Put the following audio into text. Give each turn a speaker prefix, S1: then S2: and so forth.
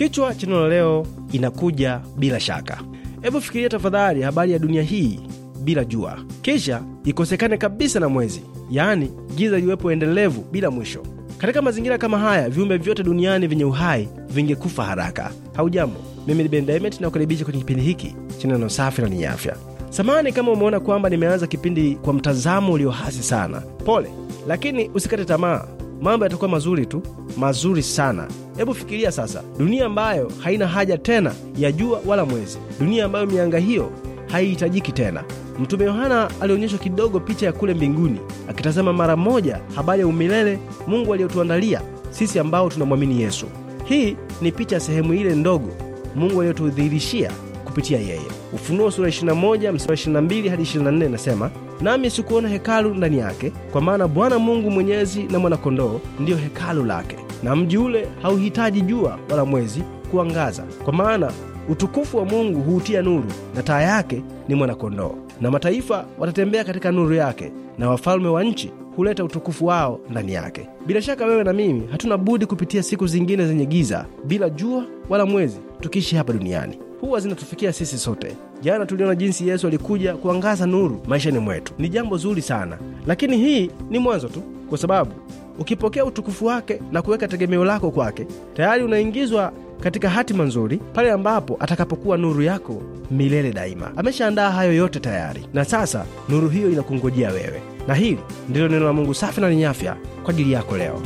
S1: Kichwa cha neno leo inakuja bila shaka. Hebu fikiria tafadhali habari ya dunia hii bila jua, kisha ikosekane kabisa na mwezi, yaani giza liwepo endelevu bila mwisho. Katika mazingira kama haya, viumbe vyote duniani vyenye uhai vingekufa haraka. Haujambo, mimi ni Ben na kukaribisha kwenye kipindi hiki cha neno safi na lenye afya. Samahani kama umeona kwamba nimeanza kipindi kwa mtazamo ulio hasi sana, pole, lakini usikate tamaa mambo yatakuwa mazuri tu, mazuri sana. Hebu fikiria sasa, dunia ambayo haina haja tena ya jua wala mwezi, dunia ambayo mianga hiyo haihitajiki tena. Mtume Yohana alionyeshwa kidogo picha ya kule mbinguni, akitazama mara moja habari ya umilele Mungu aliyotuandalia sisi ambao tunamwamini Yesu. Hii ni picha ya sehemu ile ndogo Mungu aliyotudhihirishia kupitia yeye. Ufunuo sura 21 mstari 22 hadi 24 inasema, nami sikuona hekalu ndani yake, kwa maana Bwana Mungu Mwenyezi na Mwanakondoo ndiyo hekalu lake, na mji ule hauhitaji jua wala mwezi kuangaza, kwa maana utukufu wa Mungu huutia nuru, na taa yake ni Mwanakondoo. Na mataifa watatembea katika nuru yake, na wafalme wa nchi huleta utukufu wao ndani yake. Bila shaka wewe na mimi hatuna budi kupitia siku zingine zenye giza bila jua wala mwezi tukiishi hapa duniani huwa zinatufikia sisi sote. Jana tuliona jinsi Yesu alikuja kuangaza nuru maishani mwetu, ni jambo zuri sana, lakini hii ni mwanzo tu, kwa sababu ukipokea utukufu wake na kuweka tegemeo lako kwake, tayari unaingizwa katika hatima nzuri pale ambapo atakapokuwa nuru yako milele daima. Ameshaandaa hayo yote tayari, na sasa nuru hiyo inakungojea wewe. Na hili ndilo neno la Mungu safi na lenye afya kwa ajili yako leo.